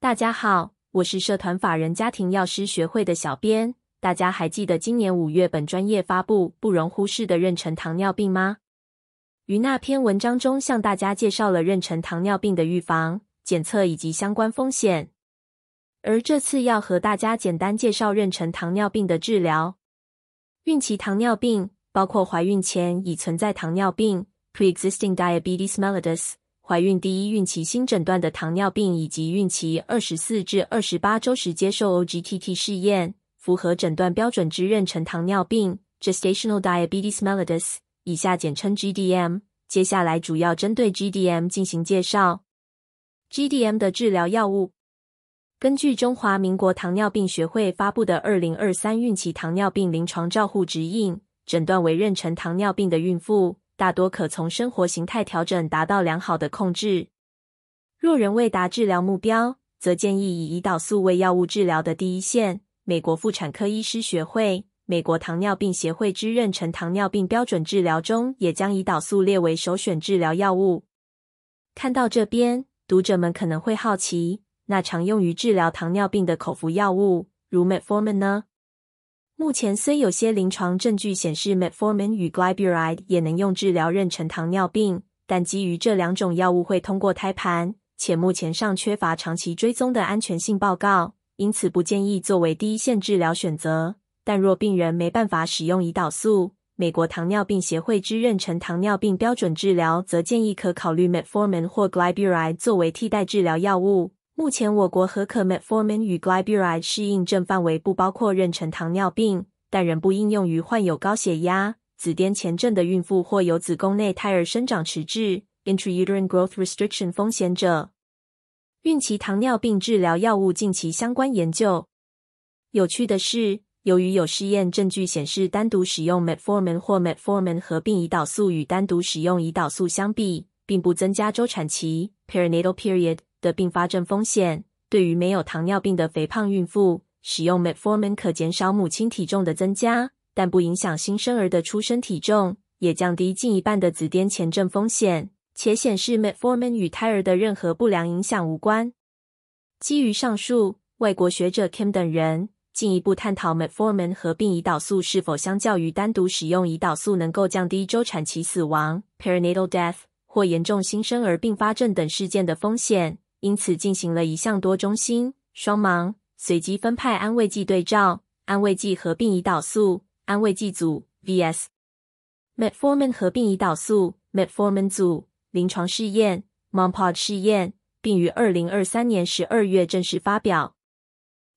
大家好，我是社團法人家庭藥師學會的小編。大家還記得今年五月本專頁發布不容忽視的妊娠糖尿病嗎？於那篇文章中向大家介紹了妊娠糖尿病的預防、檢測以及相關風險。而這次要和大家簡單介紹妊娠糖尿病的治療。孕期糖尿病包括懷孕前已存在糖尿病 （pre-existing diabetes mellitus）。懷孕第一孕期新診斷的糖尿病，以及孕期二十四至二十八周時接受 OGTT 試驗符合診斷標準之妊娠糖尿病 （gestational diabetes mellitus，以下簡稱 GDM），接下來主要針對 GDM 進行介紹。GDM 的治療藥物，根據中華民國糖尿病學會發布的《二零二三孕期糖尿病臨床照護指引》，診斷為妊娠糖尿病的孕婦。大多可從生活形態調整達到良好的控制。若仍未達治療目標，則建議以胰島素為藥物治療的第一線。美國婦產科醫師學會、美國糖尿病協會之妊娠糖尿病標準治療中，也將胰島素列為首選治療藥物。看到這邊，讀者們可能會好奇，那常用於治療糖尿病的口服藥物，如 Metformin 呢？目前雖有些臨床證據顯示 Metformin 與 Glyburide 也能用治療妊娠糖尿病，但基於這兩種藥物會通過胎盤，且目前尚缺乏長期追蹤的安全性報告，因此不建議作為第一線治療選擇。但若病人沒辦法使用胰島素，美國糖尿病協會之妊娠糖尿病標準治療，則建議可考慮 Metformin 或 Glyburide 作為替代治療藥物。目前，我國核可 Metformin 與 g l i b i z i d e 適應症範圍不包括妊娠糖尿病，但仍不應用於患有高血壓、子癇前症的孕婦或有子宮內胎兒生長遲滯 i n t r a t e r i e Growth Restriction） 風險者。孕期糖尿病治療藥物近期相關研究。有趣的是，由於有試驗證據顯示，單獨使用 Metformin 或 Metformin 合併胰島素與單獨使用胰島素相比，並不增加周產期 （Perinatal Period）。的併發症風險，對於沒有糖尿病的肥胖孕婦，使用 Metformin 可減少母親體重的增加，但不影響新生兒的出生體重，也降低近一半的子癲前症風險，且顯示 Metformin 與胎兒的任何不良影響無關。基於上述，外國學者 Kim 等人進一步探討 Metformin 合併胰島素是否相較於單獨使用胰島素能夠降低周產期死亡 （Perinatal death） 或嚴重新生兒併發症等事件的風險。因此，進行了一項多中心、雙盲、隨機分派安慰劑對照安慰劑合併胰島素安慰劑組 vs metformin 合併胰島素 metformin 組臨床試驗 MOMPOD 試驗，並於二零二三年十二月正式發表。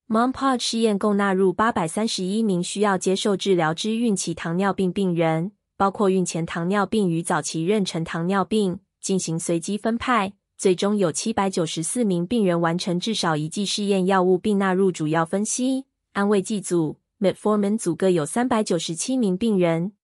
MOMPOD 試驗共納入八百三十一名需要接受治療之孕期糖尿病病人，包括孕前糖尿病與早期妊娠糖尿病，進行隨機分派。最終有七百九十四名病人完成至少一劑試驗藥物，並納入主要分析。安慰劑組、Metformin 組各有三百九十七名病人。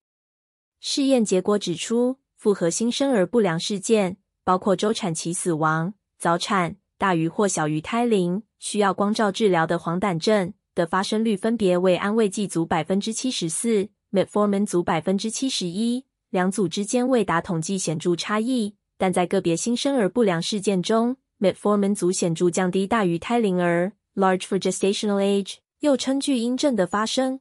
試驗結果指出，複合新生兒不良事件包括周產期死亡、早產、大於或小於胎齡、需要光照治療的黃疸症的發生率，分別為安慰劑組百分之七十四、Metformin 組百分之七十一，兩組之間未達統計顯著差異。但在個別新生兒不良事件中 metformin 組顯著降低大於胎齡兒 （large for gestational age），又稱巨嬰症的發生。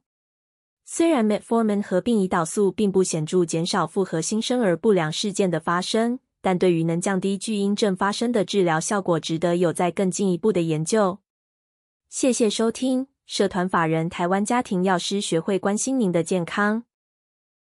雖然 metformin 合併胰島素並不顯著減少複合新生兒不良事件的發生，但對於能降低巨嬰症發生的治療效果，值得有再更進一步的研究。謝謝收聽，社團法人台灣家庭藥師學會，關心您的健康。